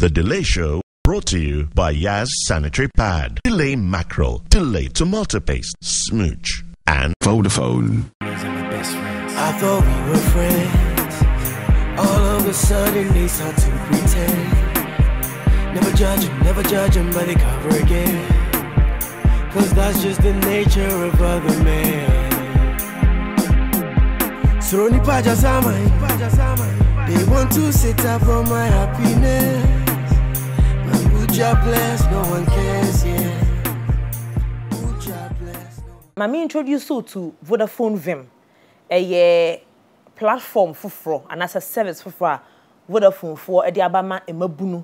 The Delay Show brought to you by Yaz Sanitary Pad, Delay Mackerel, Delay Tomato Paste, Smooch, and Vodafone. I thought we were friends. All of a sudden they start to pretend. Never judge them, never judge them, cover again. Cause that's just the nature of other men. Pajasama, they want to sit up my happiness. Mami introduce you to Vodafone Vim, a platform foforɔ anaasɛ service foforɔ a Vodafone foɔ de aba ma mmabunu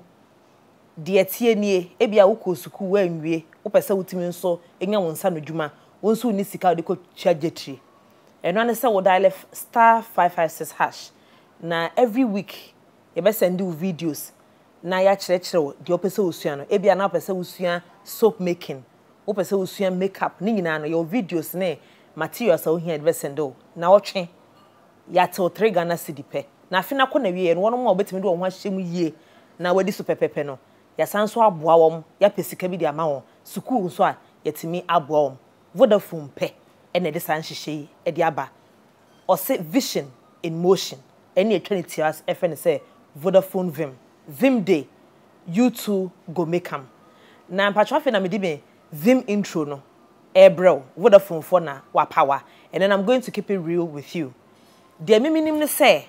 deɛ tie nie ebi a wokɔ sukuu wɔanwie wopɛ sɛ wotumi nso nya wɔn nsa no dwuma wɔn nso ne sika wɔde kɔtua gyetire ɛno ano sɛ wɔdaale star five five six hash na every week yɛbɛsɛnde wo videos na yɛakyerɛkyerɛ deɛ wopɛ sɛ wosua no ebia na wopɛ sɛ wosua soap making wopɛ sɛ wosua makeup ne nyinaa no yɛwɔ videos ne materials a wohia de bɛsɛnde wo na wɔtwe yɛatew three ghana cedi pɛ na afe no akɔ na wieɛ no wɔnom a wobɛtumi de wɔn ho ahyɛ mu yie na wɔadi so pɛpɛpɛ no yɛsan nso aboa wɔn yɛapɛ sika bi de ama wɔn sukuu nso a yɛtumi aboa wɔn vodafone pɛ ɛna ɛde saa nhyehyɛ yi ɛde aba ɔsɛ vision in motion ɛne atwa ne tia ɛfɛ vodafone vim vim day you two go make am na mpatwa afei na mede me vim intro no ɛbrɛw vodafone fo na wapawa and then i'm going to keep it real with you deɛ mimi nim ne sɛ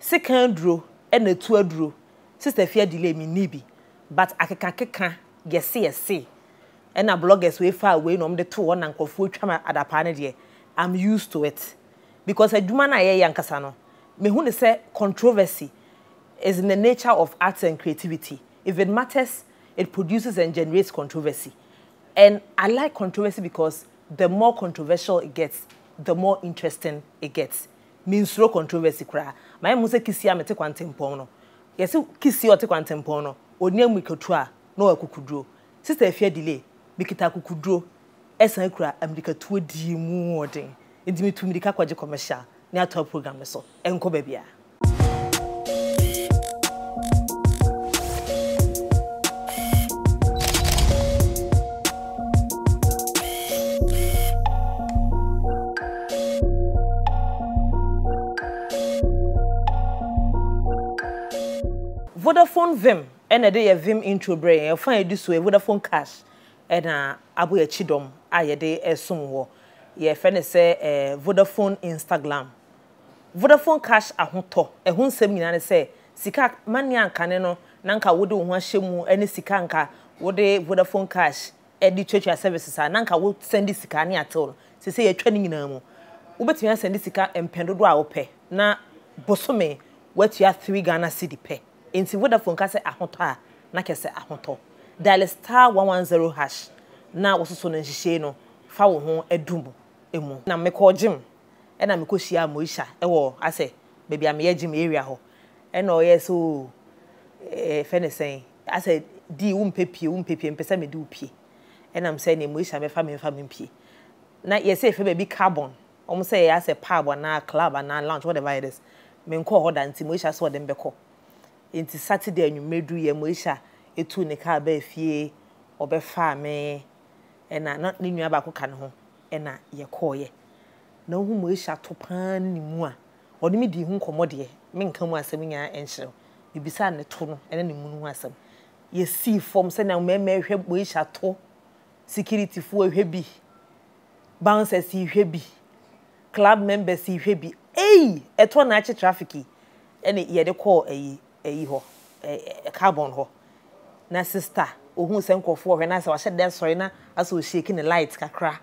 sekan duro ɛna etu aduro sista fia delay mi ni bi but akekakeka yɛse yɛse ɛna bloggers wei fa wei na ɔmo de to hɔ na nkorɔfoɔ atwa ma adapaa ne deɛ i'm used to it because adwuma na yɛyɛ ankasa no mehu ne sɛ controversy is in the nature of arts and creativity. If it matters, it produces and generates controversy. And I like controversy because the more controversial it gets, the more interesting it gets. Means Minsuro controversy kura. My e muse kisi ya mete kwantempon no. Yesi kisi ote kwantempon no. Onye mwikotua no wa kukudro. Sister efia delay, mikita kukudro. Esa e kura amdika tuwe di mu odin. Ndi mitu mdika kwaje commercial. Ni atwa program so. Enko bebia. vodafone vim ɛna de yɛ vim intro brɛ yɛn fan yɛ di so yɛ vodafone cash ɛna abo yɛ kyi dɔm a yɛde ɛsom wɔ yɛfɛ ne sɛ ɛɛ eh, vodafone instagram vodafone cash ahotɔ ɛho nsɛm nyinaa ne sɛ sika mani ankane no na wode wo ho ahyɛ mu ne sika nka wode vodafone cash ɛde twatwa services a nanka nka sendi sika ne atew no sɛsɛ yɛatwa no nyinaa mu wobɛtumi asɛnde sika mpɛn dodoɔ a wopɛ na bosome woatua three ghana cedi pɛ nti vodafone ka sɛ ahotɔ a na kɛsɛ ahotɔ dial star one one zero hash na wɔsoso no nhyehyɛe no fa wo ho adum mu na mekɔ gym ɛna mekɔ hyia moisha ɛwɔ asɛ baabi a meyɛ gym area hɔ ɛna ɔyɛ sɛ o oh, ɛɛ eh, fɛ ne sɛn asɛ di wo mpɛ pie wo mpɛ pie mpɛ sɛ mede wo pie ɛnam sɛ ne moisha mɛfa mɛmfa me mpie na yɛsɛ ɛfɛ baabi carbon wɔn sɛ yɛ asɛ pub anaa club anaa lounge whatever it is menkɔɔ hɔ da nti moisha sɛ ɔde mbɛkɔ nti saturday anwummerɛ du yɛ mo ahyia etu ne kaa bɛɛ fie ɔbɛfaa me ɛna na ne nua baako ka ne ho ɛna yɛkɔɔyɛ na ohun mo ahyia to paa ne mu a ɔne mi di ihu nkɔmɔ deɛ me nka mu asɛm nyinaa ɛnhyerɛw bibisa ne to no ɛne ne mu no ho asɛm yɛsii fam sɛnea mmarima ɛhwɛ mo ahyia to sikiritifoɔ ɛhwɛ bi bouncers ihwɛ bi club members ihwɛ bi eyi ɛtɔ na akye traffic yi ɛne yɛde kɔɔ ɛyi ɛyi hɔ ɛɛ carbon hɔ na sista, ohun sɛ nkɔfoɔ hwɛ na wahyɛ dɛ sɔre na asɛ ohyeki ne light kakra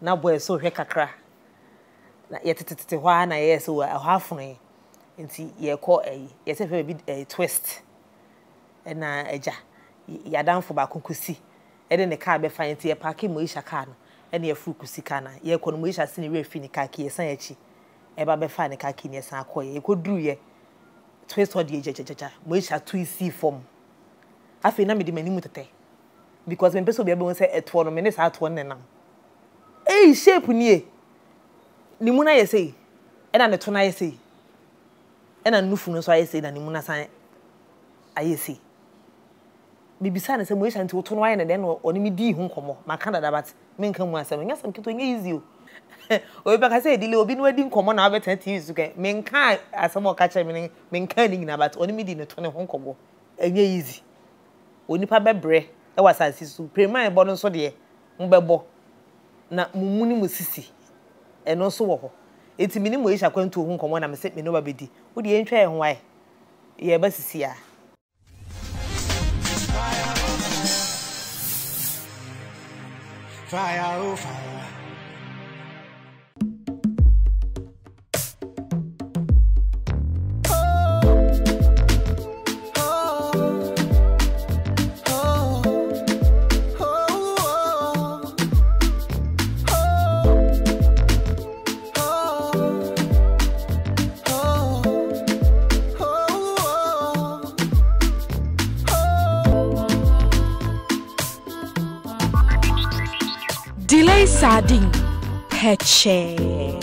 na boy so hwɛ kakra na yɛtetetete hɔ a na yɛyɛ sɛ wɔ ɛhɔ afono yi nti yɛkɔ ɛyi yɛsɛ fɛ bi ɛɛ twist ɛna ɛgya yɛadanfo baako kusi ɛde ne kaa bɛfa nti yɛpaaki moisha kaa no ɛna yɛfuru kusi kaa na yɛkɔ no moisha si ne fi ne kaa ki yɛsan akyi ɛba bɛfa ne kaa ki ne yɛsan akɔ yɛ yɛkɔ duru yɛ toe sɔ deɛ gyagyagya mo ehyia toe si fam afei na mede m'anim tɛtɛ because mepɛ sɛ obi abɛhu sɛ ɛtoɔ no me ne saa toɔ no nenam eyi shape nie ne mu no ayɛ sei ɛna ne to no ayɛ sei ɛna ne nufu no nso ayɛ sei na ne mu no asan ayɛ sei bibisa ne sɛ mo ehyia nti woto no ayɛ ne dɛn na ɔne me dii ho nkɔmmɔ maka dada bat menka mu asɛm ɛnyɛ asɛm ketewa ɛnyɛ easy o obibɛka sɛ ɛdile obi no wadi nkɔmmɔ na wabɛtena tv so kɛ menka asɛm a ɔka mi ni, menka ne nyinaa but ɔne me di ne to ne ho nkɔmmɔ enye yizi. onipa bɛbrɛ ɛwɔ asase so prema ɛbɔ no nso deɛ mo bɛbɔ na mo mu ni mo sisi ɛno nso wɔ hɔ eti mi ne mo ehyia kwantu ohun nkɔmɔ na mi sɛ mi ne ba bedi o de yɛn twɛ yɛn ho ayɛ yɛ ba sisi ya. Ah. Fire, oh fire. sardine, peche,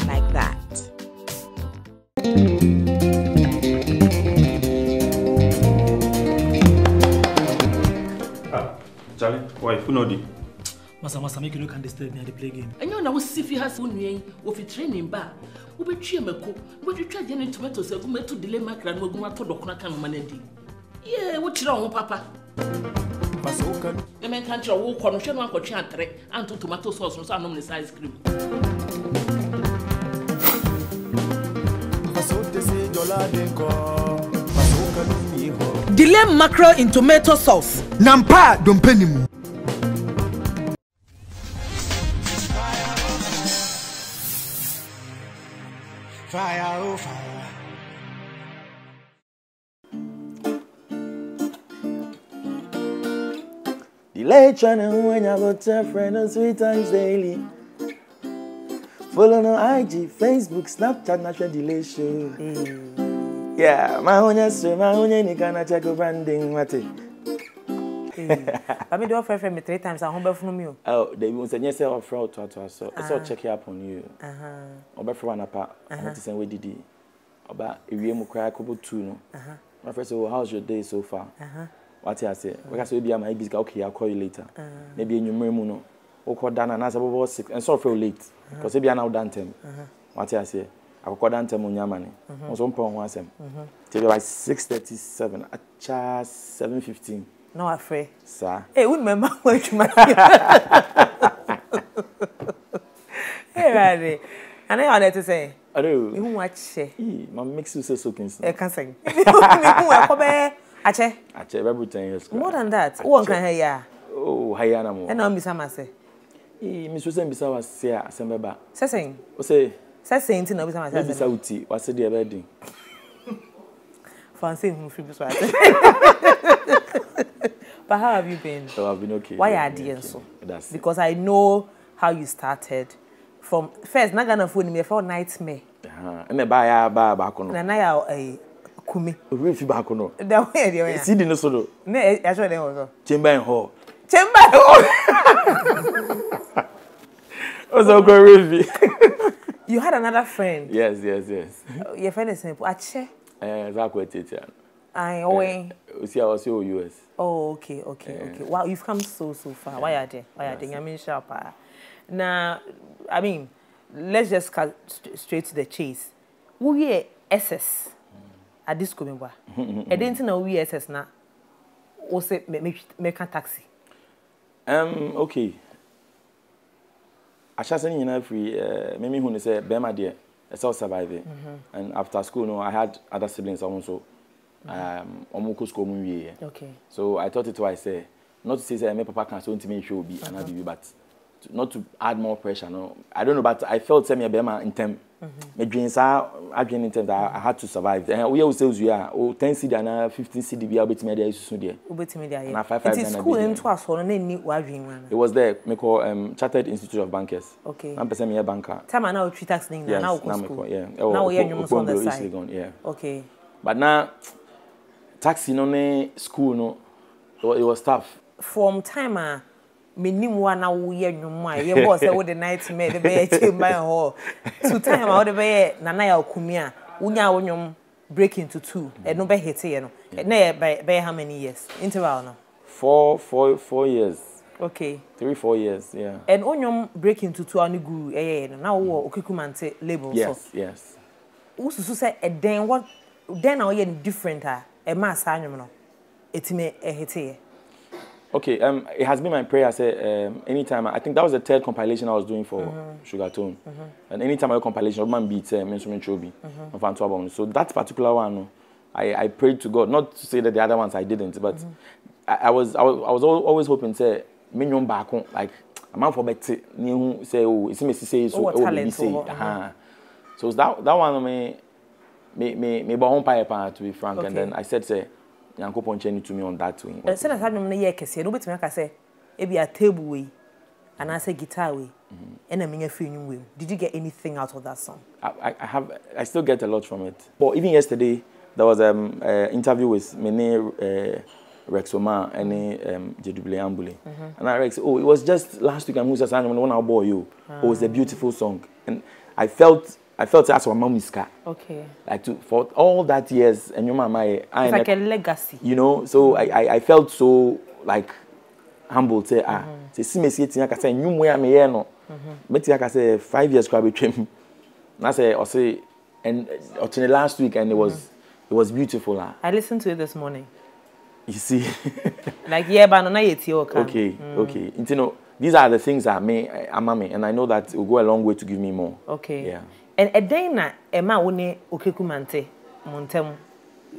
like that. Ah, Charlie, wife, who know the? Masa, masa, make you no can disturb me at the play game. And you know, if you have eh? one way, if you train him back, you will train me. But you try getting tomatoes, you will delay my grand, you will go to the corner, you will Yeah, what you know, Papa? nipa sɛ woka no na mɛnka nkyerɛ no hwɛ no ankɔtwe atere anto tomato sauce no so anom ne sɛ ice cream Delay mackerel in tomato sauce. Nampa dompeni mu. Late trying to win your a friend on three times daily. Follow on IG, Facebook, Snapchat, natural delay show. Mm. Yeah, my own yesterday, my own any kind of check branding, what it. But me do offer me three times. I humble from you. Oh, they will say yes, I'll offer to to so. It's all ah. check up on you. Uh huh. Oba from one apa. I'm uh-huh. want to send we Didi. Oba, if you mu cry, couple two no. Uh huh. My first, how's your day so far? Uh huh wate ase waka sɛ obi ama ebi sika okay call you later na ebi enyimire mu no wokɔ da na anaasɛ bɔbɔ six nsɔrɔ fɛ o late kɔsɛ ebi anaw da ntɛm wate ase akɔkɔ da ntɛm o nyama ne nso mpɛ ho asɛm tebi by six thirty seven akya seven fifteen. na wa fɛ saa ee wo mɛ ma wo adwuma ɛyɛ ana yɛ ɔna ɛte sɛ. ɔno ihu wa kyɛ. ii ma mix you say so kinsin. ɛka sɛn ihu wa kɔ bɛɛ akyɛ akyɛ bible ten years kora more than that who nka ha yi oh ha yi ana mo ɛna ɔmbisa ma sɛ mesuo sɛ mbisa wa se a asɛm bɛba sɛsɛn wo sɛ sɛsɛn nti na ɔbisa ma sɛ asɛm mbisa wo ti wase deɛ ɛbɛyɛ den francais hu firi bi so ase but how have you been so oh, i've been okay why are adeɛ so? because i know how you started from first na ghana phone me for yɛ fɛ nightmare ɛna ɛbaa yɛ abaa baako no na na yɛ ɛɛ kume. remfi baako no. da wo yɛ deɛ wɔn yɛ. cd so do. ne e, yasɔ den wɔ so. chamber in hall. chamber in hall. o sọ ko remfi. you had another friend. yes yes yes. Oh, your friend is simple akyɛ. ɛɛ eh, zako etiatia. ayi ɔwɛ. osi eh, a wɔsi o us. oh okay okay uh, okay wow you've come so so far yeah. wayɛ adi wayɛ adi nyame nhyɛ paa na i mean let's just cut straight to the chase woyɛ ss adisko mi wa ɛde mm-hmm. nti na wo ess na wo sɛ mɛka taxi um, okay ahyɛsɛ no nyinaa firi uh, eh, meme hu no sɛ bɛrima deɛ ɛsɛ wo survive mm -hmm. and after school no i had other siblings ɔmo nso mm-hmm. um, ɔmo kɔ school mu wieɛ so i thought it twice sɛ eh, not to say sɛ eh, me papa ka so ntimi nhwɛ obi anaa biribi but not to add more pressure no i don't know but i felt sɛ meɛ bɛrima ntɛm mm-hmm. medwen saa adwene ntɛm that i had to survive woyɛ eh, wo say we a o ten cd anaa fifteen cd bi a wobɛtumi ade ayɛsusu deɛ wobɛtumi de ayɛ na five five nana bi school nto asoɔ no it was there mekɔ um, chartered institute of bankers okay I'm mpɛ sɛ meyɛ banka time I now three tax Yes. Now we go school yeah Now we nnwom so on the side yeah. okay but now, taxi no school no it was tough from time ah. uh, menim wa na woyɛ nnwom a yɛbɔɔ sɛ wode nightmare de bɛyɛ chamber hall to time a wode bɛyɛ nana yɛ akumi a wonya wo nnwom break into two ɛno e bɛheteɛ no na yɛ bɛyɛ how many years interval no four four four years okay three four years yeah and wo nnwom break into two a ne guru ɛyɛɛ e no na wowɔ okikumante label so yes yes wosusu sɛ ɛdɛn e wɔ dɛn na wɔyɛ ah. no different a ɛmaa saa nnwom no ɛtumi ɛheteɛ Okay, um, it has been my prayer. I say um, anytime. I think that was the third compilation I was doing for mm-hmm. Sugar Tone. Mm-hmm. And anytime I do compilation, man beats uh, instrument chobi mm-hmm. of Anto So that particular one, I, I prayed to God. Not to say that the other ones I didn't, but mm-hmm. I, I, was I was I was always hoping say minyon baako like amanfo bɛte ne ho sɛ o oh, it's me, sei so ɛwɔ bibi sei aha so that that one me me me me bɔ uh, to be frank okay. and then I said say nyankopɔn nkyɛn ne tumi on that way. ẹ sẹ́nà sábà mi yẹ kẹsì ẹ̀ ní obìnrin kan ebi a table wei anaasẹ guitar wei ẹna mi fi ẹnu wei did you get anything out of that song. I, I have I still get a lot from it but even yesterday there was an um, uh, interview with me ne uh, Rex Omar and um, Jedubile Ambule. Mm-hmm. And I Rex, oh, it was just last week I'm just when I bought you. Ah. Oh, it's a beautiful song. And I felt I felt as my mom is car. Okay. Like to, for all that years and your mama, eh, I, it's like a, legacy. You know, so I, I, I felt so like humble. Say ah, mm-hmm. say see me see it. I say new way I'm here no. Me mm-hmm. I say five years ago I trim. Now say I say and until last week and it was mm-hmm. it was beautiful. Ah. I listened to it this morning. You see. like yeah, but no, yet you Okay, mm. okay. You know, these are the things that me, eh, I'm me, and I know that it will go a long way to give me more. Okay. Yeah ɛdɛn na ɛma wo ne okekumante mo ntɛm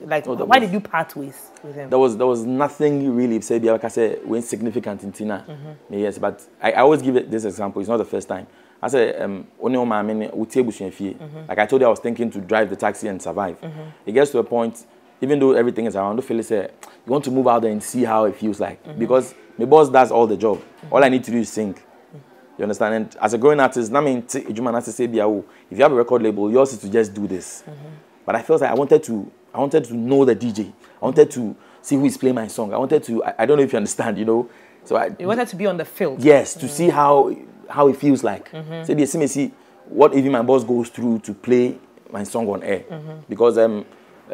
like oh, why was, did you part ways with him? There was there was nothing really say like I say, when significant in Tina. Mm-hmm. Yes, but I, I always give this example. It's not the first time. I said um only on my mean mm-hmm. Like I told you, I was thinking to drive the taxi and survive. Mm-hmm. It gets to a point, even though everything is around, the Philly said you want to move out there and see how it feels like mm-hmm. because my boss does all the job. Mm-hmm. All I need to do is think. You understand? And as a growing artist, that means if you have a record label, yours is to just do this. Mm -hmm. But I felt like I wanted to I wanted to know the DJ. I wanted to see who is playing my song. I wanted to I, I don't know if you understand, you know. So I You wanted to be on the field. Yes, to mm -hmm. see how how it feels like. Mm-hmm. So they see me see what even my boss goes through to play my song on air. Mm -hmm. Because um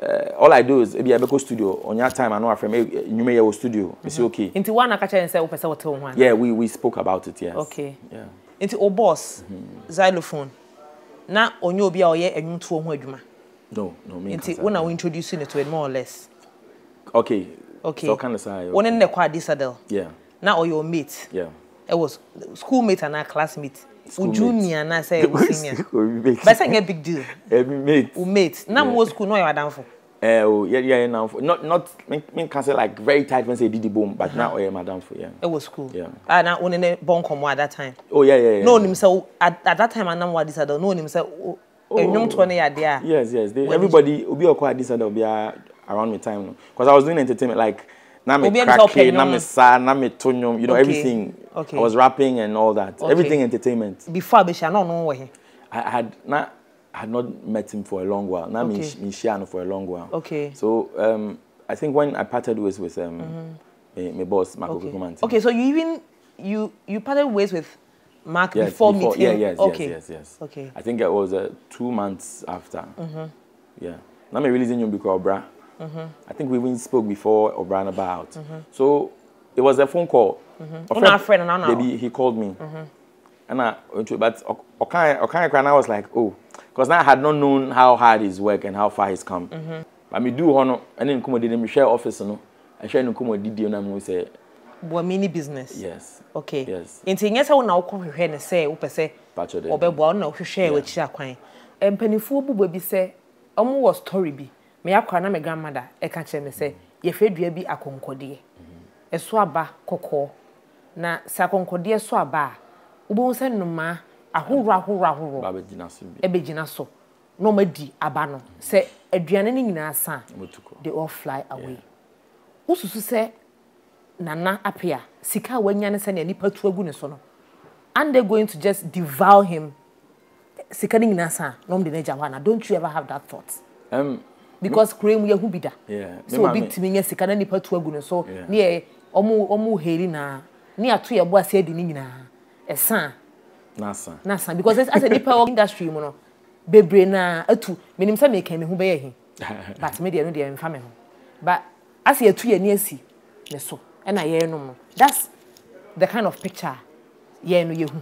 uh, all i do is ebi abeko studio on your time I ano afem enyume yɛ wɔ studio mm -hmm. esi okay. nti wa na kakyɛ nsɛ wopɛ sɛ wɔte wo ho ana. yeah we we spoke about it yes. okay yeah. nti o boss mm -hmm. xylophone na onye obi a ɔyɛ enyumtoɔ ho adwuma. no no me nti wo na wo introduce ne to it more or less. okay okay so kan na saa yɛ. wɔn ne ne kɔ adi yeah na ɔyɛ o mate. yeah It was school mate and our mate ujunior na sɛ o senior bɛsɛ n big deal ɛmi mate o mate na mo school n'o yɛ adanfo. ɛɛ eh, o oh, yeah, yɛ yɛ nanfo not not min kan sɛ like very tight when say didi boom. but na uh-huh. oh, ɔyɛ yeah. It was school ah na o ni ne bɔ nkɔmɔ at that time. Oh yeah, yeah, yeah. n'o nim sɛ o at that time anam wa disa dɔn n'o nim sɛ o ɛnwomtoɔ ne yɛ adeɛ yes yes they everybody obi ɔkɔ adisa dɔn obi around me time no because i was doing entertainment like na me cracking, na me sa, na me tonyom, you know, okay. everything. Okay. I was rapping and all that. Okay. Everything entertainment. Before Abisha, no, no way. I had not, I had not met him for a long while. Now okay. me, me Shiano for a long while. Okay. So um, I think when I parted ways with um, mm-hmm. my, my boss, Marco okay. Kukumanti. Okay, so you even, you, you parted ways with Mark yes, before, before meeting? Yeah, yes, okay. yes, yes, yes. Okay. I think it was uh, two months after. Mm-hmm. Yeah. Now me releasing you because, bra. Mm-hmm. I think we even spoke before or about. Mm-hmm. So it was a phone call. Mm-hmm. A friend, friend no, no. he called me. Mm-hmm. And I, but Okan, Okan, and I was like, oh, because now I had not known how hard he's work and how far he's come. Mm-hmm. But me do honor, and then Nkumo didn't share office, no. I share Nkumo did you know say. Well, mini business. Yes. Okay. Yes. Nti nyɛ sɛ wo na wokɔhwehwɛ ne sɛ wopɛ sɛ ɔbɛboa wo na wohwehwɛ a wakyi akwan. Mpanimfoɔ bobɔ bi sɛ ɔmo wɔ story bi me akwa na me grandmother ɛka kyerɛ me sɛ yɛfrɛ dua bi akɔnkɔdeɛ ɛso aba kɔkɔɔ na sɛ akɔnkɔdeɛ so aba a wobɛhu sɛ nnomaa ahoroɔ ahoroɔ ahoroɔ ɛbɛgyina so na ɔma di aba no sɛ aduane no nyinaa san they all fly away wosusu sɛ nana Apia, a sika a wanya ne sɛnea nipa tu agu ne so no and they going to just devour him sika no nyinaa san na ɔmde no agya hɔ ana don't you ever have that thought um, because kura mu yɛhu bi da so obi tumi nyɛ sika na nipa tu agu ne so ne yɛ ɔmo ɔmo heri na ne ato yɛ bo ase adi ne nyinaa ɛsan n'asan n'asan because as asɛ nipa wɔ industry mu no bebree na atu menim sɛ meka me ho bɛyɛ he but me deɛ no deɛ mfa me ho but asɛ yɛtu yɛ ne asi ne so ɛna yɛrenom no that's the kind of picture yɛn no yɛhu.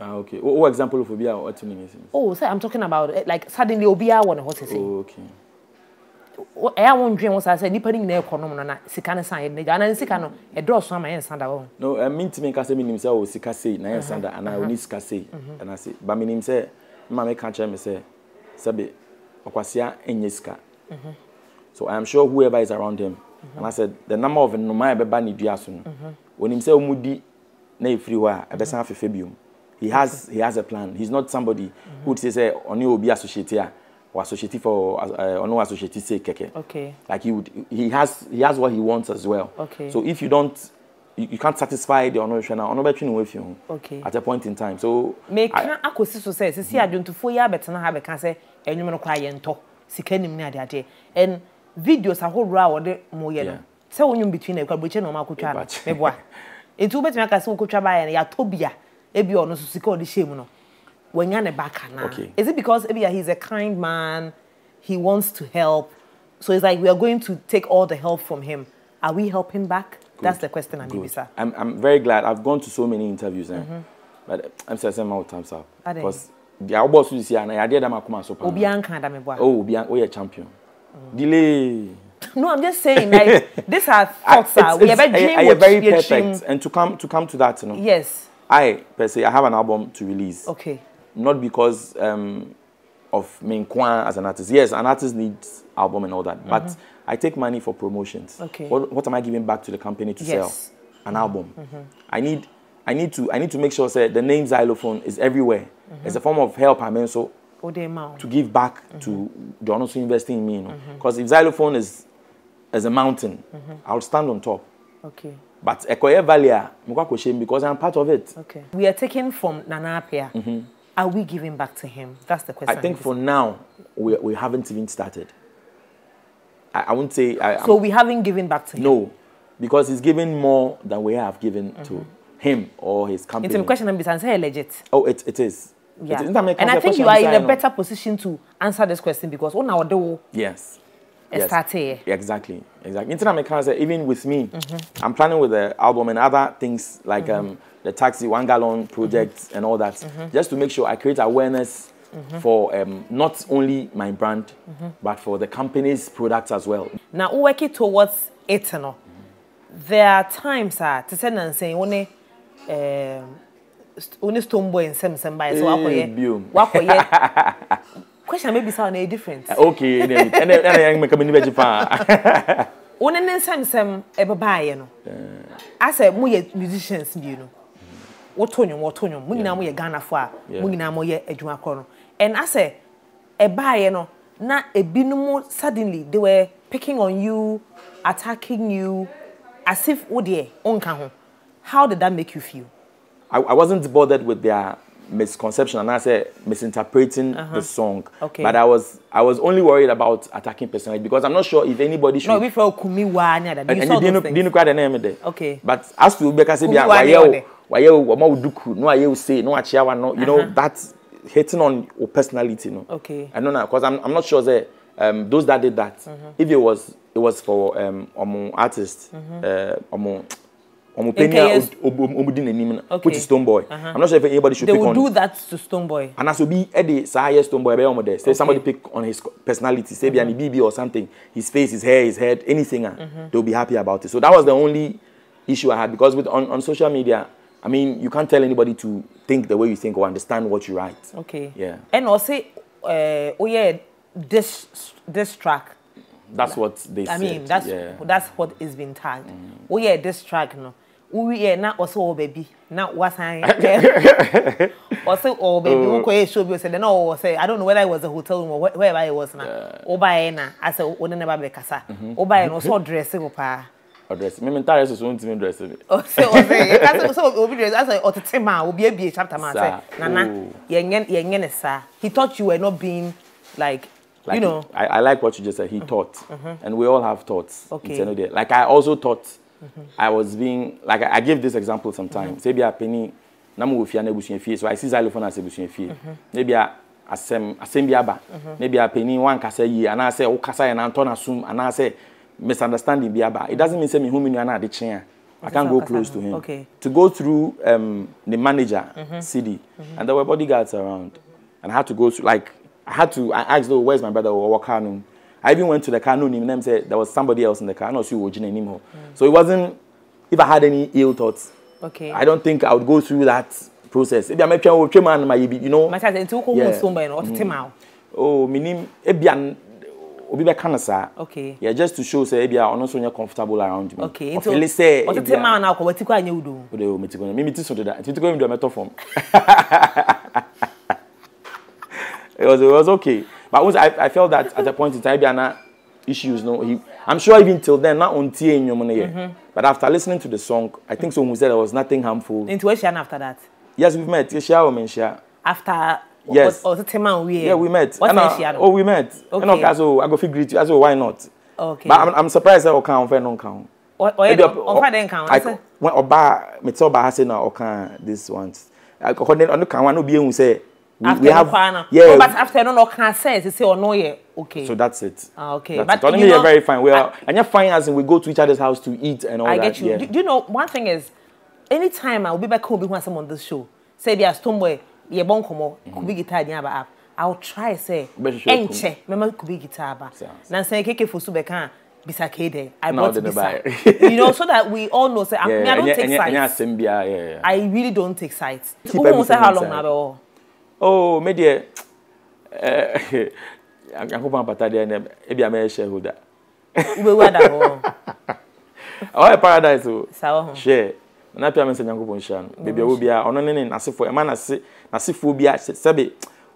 Ah, okay. What example of Obia or Tunis? Oh, sir, I'm talking about eh, like suddenly Obia won a horse. Oh, okay ɛyɛ a wɔn dwen wɔn nipa ne nyinaa ɛkɔ nom no na sika ne san yɛ ne gya ana sika no ɛdɔɔso ama yɛn nsa da wɔn. no ɛmi ntumi nka sɛ mi nim sɛ o sika sei na yɛn nsa da ana o ni sika sei mhm. ɛna se ba mi nim sɛ maame ka kyerɛ mi sɛ sɛbi ɔkwasia ɛnyɛ sika mhm. so i am sure whoever is around him mhm. ana sɛ the number of nnoma yɛ bɛba ne dua so no onim sɛ ɔmo di na efiri hɔ a ɛbɛsan afɛfɛ bi he has he has a plan he is not somebody who would say sɛ ɔne obi associate a or associative for uh, eh, or no associative say keke. Okay. Like he would, he has he has what he wants as well. Okay. So if you don't. You, you can't satisfy the honorable honorable training with you. Okay. At a point in time, so. Meka akosi so say sisi aduntufu ya betena ha beka say enyume no kwa yento sika nim ne ade ade and videos ahorow a wode mo yelo no sɛ between na kwa no na ma akotwa no meboa enti wobetumi aka sɛ wokotwa baa ya to bia ebi ɔno so sika ɔde no when you're back okay. Is it because maybe he's a kind man, he wants to help, so it's like we are going to take all the help from him. Are we helping back? Good. That's the question I'm Good. I'm, I'm very glad. I've gone to so many interviews, eh? mm-hmm. but I'm saying my time's up because the Albers is here, and I did that my come oh, Obianka, oh champion. Mm. Delay. No, I'm just saying, like these are thoughts. sir. we have a dream. I, I very perfect, dream. and to come to come to that, you know. Yes. I per se, I have an album to release. Okay not because um, of Minkwan as an artist. Yes, an artist needs album and all that, mm -hmm. but mm-hmm. I take money for promotions. Okay. What, what am I giving back to the company to yes. sell? An mm-hmm. album. Mm -hmm. I need I need to I need to make sure say, the name xylophone is everywhere. Mm -hmm. It's a form of help I mean so oh, to give back mm -hmm. to they're also investing in me, you know. Because mm-hmm. mm -hmm. if xylophone is as a mountain, I'll stand on top. Okay. But Ekoye Valley, because I'm part of it. Okay. We are taking from Nanapia. are we giving back to him? That's the question. I think for now, we, we haven't even started. I, I won't say. I, so I'm, we haven't given back to him? No, because he's given more than we have given mm -hmm. to mm-hmm. him or his company. It's a question and answer legit. Oh, it, it is. Yeah. It, and I think you are in a better position to answer this question because on our do. Yes. Yes. Exactly, exactly. Internet even with me, mm -hmm. I'm planning with the album and other things like mm -hmm. um, the taxi one gallon mm-hmm. project mm -hmm. and all that, mm -hmm. just to make sure I create awareness mm-hmm. for um, not only my brand mm-hmm. but for the company's products as well. Now, work it towards it, There are times that to send eh, um, and say only. Only stone boy and sem sem by so for wakoye eh, question maybe sound a eh, different uh, okay and then and then make me be pa one ne nsɛmsɛm ɛbɛbaayɛ no asɛ moyɛ musicians you know." woto nwom woto nwom mo nyinaa mo yɛ ghanafoɔ a mo nyinaa mo yɛ adwuma korɔ no and asɛ ɛbaayɛ no na ebinom suddenly they were picking on you attacking you as if wo deɛ onka ho how did that make you feel. I, I wasn't bothered with their misconception and I say misinterpreting uh-huh. the song. Okay. But I was I was only worried about attacking personally because I'm not sure if anybody should. No, we felt Kumiwa and, and you didn't, didn't quite the name there. Okay. But as to Becca said, Why you ɔma wo duku no ayɛ you say no akyea wa no you know uh -huh. that hitting on your personality no okay I know now because i'm i'm not sure say um, those that did that uh -huh. if it was it was for um ɔmo artist ɔmo. Uh-huh. Uh, ọmọ penny a ọmọ di n'anim na which is stone boy uh -huh. i'm not sure if anybody should they pick on they will do that to stone boy and as obi ẹ de saa yẹ stone boy ẹ bẹ yẹ ọmọ Okay. say somebody pick on his personality say uh-huh. biani bb or something his face his hair his head anything ah uh -huh. they will be happy about it so that was the only issue i had because with on on social media I mean, you can't tell anybody to think the way you think or understand what you write. Okay. Yeah. And also, uh, oh yeah, this this track. That's like, what they. I said. mean, that's yeah. that's what is been tagged. Mm. Oh yeah, this track no. Oh yeah, now also oh baby, now what's I? Also oh baby, who oh. could show you? Said no, say I don't know whether it was a hotel room or wherever it was now. Oh by na, I said oh, oh never be kasa. Mm-hmm. Oh by no so dressing up. Oh, ọdrẹsì mímí ntaara yẹ soso ntumi drẹsì mi. ọsẹ ọsẹ yẹ kásẹ ọsẹ obi drẹsì asẹ ọtete maa obi ebie chapter maa sẹ nana yẹn yẹn ne sa he thought you were not being like. Like, you know, I, I like what you just said. He mm -hmm. thought, mm-hmm. and we all have thoughts. Okay. Like I also thought, mm -hmm. I was being like I, I give this example sometimes. Mm-hmm. maybe a penny, Namu mo ofia na ebusun efie. So I see xylophone as ebusun efie. Mm-hmm. Maybe a asem asem bi Maybe a penny one kasa yi. Ana say o kasa na anton asum. Ana say misunderstanding bi aba it doesn't mean say me hu me nua na I can't go close to him. Okay. To go through um, the manager, mm -hmm. CD, mm -hmm. and there were bodyguards around, and I had to go through, like, I had to, I asked, though, where's my brother? Or oh, what car? I even went to the car, no name, and said there was somebody else in the car. I'm not sure who anymore. Mm. So it wasn't, if I had any ill thoughts, okay. I don't think I would go through that process. If I'm a man, you know. My sister, until you go home, you know, what mm. time Oh, my name, obi bɛka Okay. saa yɛ just to show sɛ ebia ɔno nso nyɛ comfortable around me ɔfele sɛ ɔtete maa no akɔ wɔti kɔ anyɛ wodo wode wɔ meti kɔ mimi ti so deda nti ti kɔ mi dɔ mɛtɔ fam it was it was okay but once I, I felt that at a point in time ebia na issues no he i'm sure even till then na ontie enyom no yɛ mhm. but after listening to the song i think so who said there was nothing harmful nti wɔahyia no after that yes we met yɛhyia wɔ menhyia after yes or the time we yeah we met what time she oh we met okay and okay so i go fit greet you i said why not okay but i'm, I'm surprised that okan ofe no kan oye ofa den kan i when oba me tell oba say na okan this once i go then onu kan wa no be ehun say we, after we have yeah oh, but after no no can sense say oh no yeah okay so that's it ah, okay that's but it. only you're very fine we are I, and you're fine as in we go to each other's house to eat and all I that I get you yeah. do, do you know one thing is anytime I will be back home when someone on this show say there's are stoneware yɛ bɔ nkɔmɔ kubi guitar deɛ aba app i will try sɛ ɛnkyɛ mɛma kubi guitar aba na nsɛn keke fo so bɛka bisa kee dɛ i brought bisa you know so that we all know say yeah, me i don yeah, take yeah, sides yeah, yeah. i really don take sides wohun sɛ how long na bɛ wɔ. oh me deɛ ɛɛ eh, nyankopɔn apata deɛ ɛnɛ ebi a mɛyɛ shareholder. wubɛwu ada hɔ. ɔyɛ paradise o. Oh. sa wɔ ho. share na pia mi sɛ nyankopɔn hyia no beebi a wo bia ɔno ne ne n'asefo ɛma n'ase n'asefoɔ bi ahyɛ sɛbe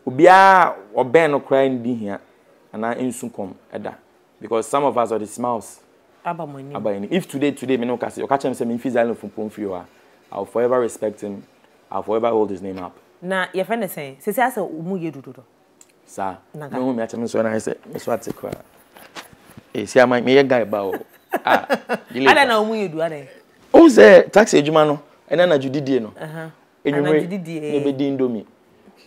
obiara ɔbɛn no koraa ne di hia anaa nsu kɔm ɛda because some of us are the smiles. aba mo anim aba anim if today today mi no kasi ɔka kyerɛ mi sɛ mi nfi zayin fun pon fi hɔ i will forever respect him i will forever hold his name up. na yɛfɛ ne sɛn sisi asɛ ɔmu yɛ dodo dɔ. saa ne ho mi akyɛ mi sɔrɔ n'ayɛ sɛ ɛsɔ ati kora eh, si ama mi yɛ guy ba o a. Ah, adan na ɔmu yɛ du adan. o sɛ taxi adwuma no ɛna na judidie no enwumere na ebe di ndomi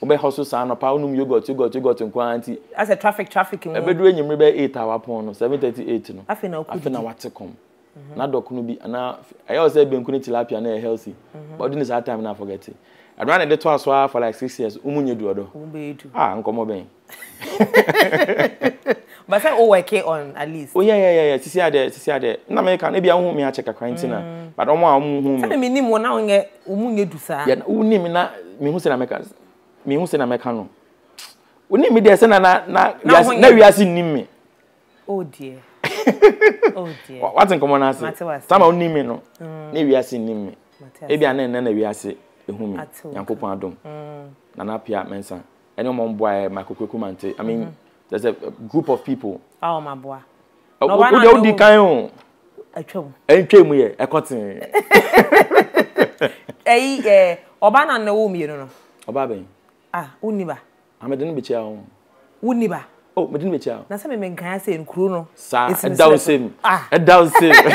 wobɛ hɔ so saa nɔpa wonum yogurt yogurt yogurt nkoa nti. asɛ traffic traffic mu. ɛbɛduru enyimire bɛ eight awa pɔn no seven thirty eight no. afei na ɔkú afei na wate kɔm. Mhm. na dɔko bi ana ɛyɛ ɔsɛ benku ne tilapia na ɛyɛ e healthy mhm. but ɔdi ne saa time na forget it aduane na ɛde to aso for like six years umu nye duodɔ. umu bɛ edu. Ah, nkɔmɔ bɛn. But say OYK oh, on at least. Oh yeah yeah yeah Sisi ade sisi ade. Na me kan ebi ahu me ache kakra ntina. But omo a omo hu me. Say me onye na me hu se na me kan. Me hu se me kan na na na me. Oh dear. oh dear. in common Tama no. Mm. Na me. Ebi na Na na pia mensa. I mean mm-hmm. there's a group of people. a wọn ma bọ a. o de o di kan o. atwa mu. atwa na wo mmienu no. ɔbaa bɛn. a wo ni ba. amadi ni bɛ kyia o. wo ni ba. o mɛ di na sɛ mi mi nkan ase nkuro no. saa ɛda o se mu ɛda o se mu.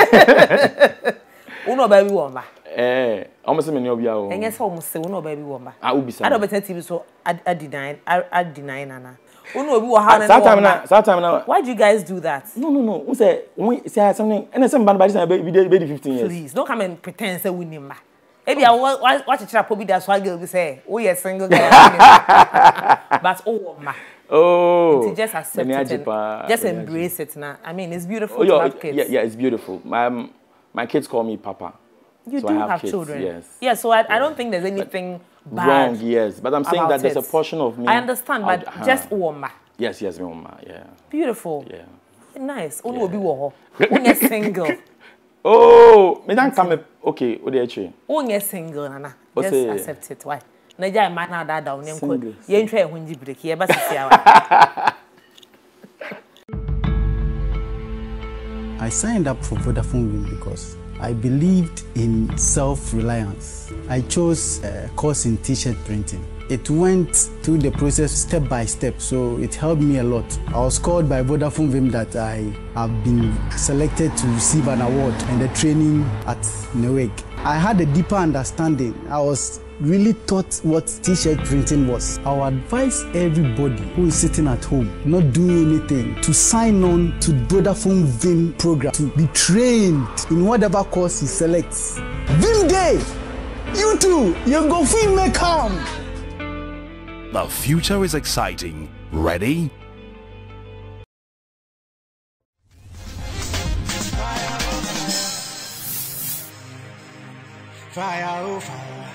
wo na ɔbaa bi wɔ ɔba. ɛɛ ɔmo sɛ ni ɔbia o. ɛnyɛ sɛ se wo na ɔbaa bi wɔ ɔba. a o bisa mi. adi ɔbɛtɛn ti bi so adi nan adi nan nana. Unu obi wɔ ha na time na That time na. Why do you guys do that? No no no. N say n say something. Ɛna sɛ mbana ba de san bɛ di bɛ fifteen years. Please don't come and pretend say we ni ma. Ebi a wa wa kyekyere apo bi da so agil bi sɛ o yɛ single girl. But o wɔ ma. Oh. Nti oh, just accept it and just embrace it na. I mean it's beautiful oh, to have kids. Yeah, yeah, it's beautiful. My um, my kids call me papa. You so do I have, have kids, children. Yes. Yeah, so I, yeah. I don't think there's anything. But, bad wrong. Yes, but I'm saying that there's a portion of me. I understand, but uh, just warmer. Yes, yes, warmer. Yeah. Beautiful. Yeah. Nice. Only will be warm. Only single. Oh, me don't come okay, what o dey che. Only single nana. Just accept it. Why? Na ja ma that down da onye nko. Ye ntwa ehunji break, ye ba sisi awa. I signed up for Vodafone because I believed in self-reliance. I chose a course in t-shirt printing. It went through the process step by step, so it helped me a lot. I was called by Vodafone Vim that I have been selected to receive an award and a training at Newark. I had a deeper understanding. I was really taught what t-shirt printing was. I would advise everybody who is sitting at home, not doing anything, to sign on to Vodafone Vim program to be trained in whatever course you select. Vim Day! You too! Your go may come! The future is exciting. Ready? Fire, oh fire.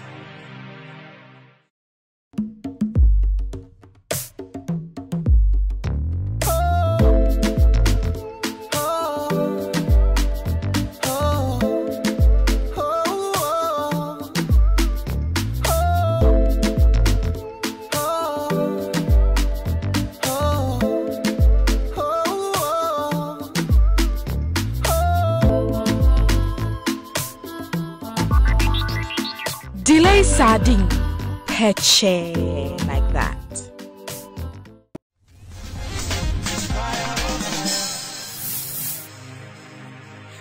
Adding peche like that.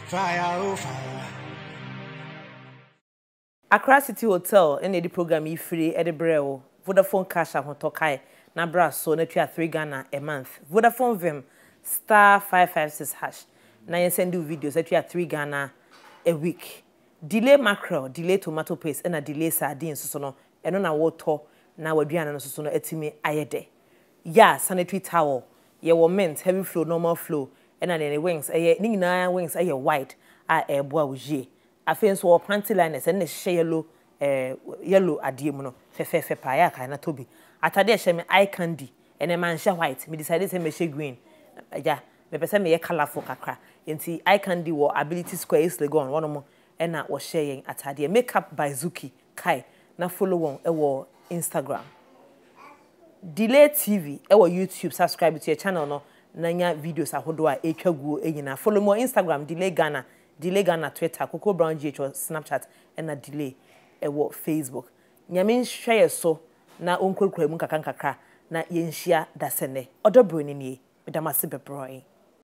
Fire, oh, fire. Accra City Hotel ɛna ɛde program yi firi ɛde brɛ wo Vodafone cash ahotɔ kae na bra so na tua three Ghana a month Vodafone vim star five five six hash na yɛn send you videos na tua three Ghana a week delay mackerel delay tomato paste ɛna delay sardine soso no ɛno na wɔtɔ na waduane no soso no atumi ayɛ dɛ yɛ a sanitary towel yɛwɔ mint heavy flow normal flow ɛna ne wings ɛyɛ ne nyinaa wings ɛyɛ white a ɛɛboa wo yie afei nso wɔ panty liners ɛna ɛhyehyɛ yellow ɛɛ yellow adeɛ mu no fɛfɛɛfɛ paa yɛ akae na tobi atadeɛ ɛhyɛ mi eye candy ɛna ɛma nhyɛ white mi decide sɛ mɛhyɛ green ɛgya mɛpɛ sɛ mɛyɛ colourful kakra nti eye candy wɔ ability square east legon wɔn mo. ɛna wɔhyɛ yɛn atadeɛ makeup by zuki kai na follow wɔn ɛwɔ instagram delay tv ɛwɔ youtube subscribe to your channel no nanya videos ahodoɔ a ɛtwa guo nyinaa follow mu instagram delay ghana delay ghana twitter coco brown gh snapchat ɛna delay ɛwɔ facebook nyame nhwɛ yɛ so na ɔnkurakura mu nkakrankakra na yɛnhyia da sɛ nnɛ ɔdɔ broni yi medam ase bɛbrɔe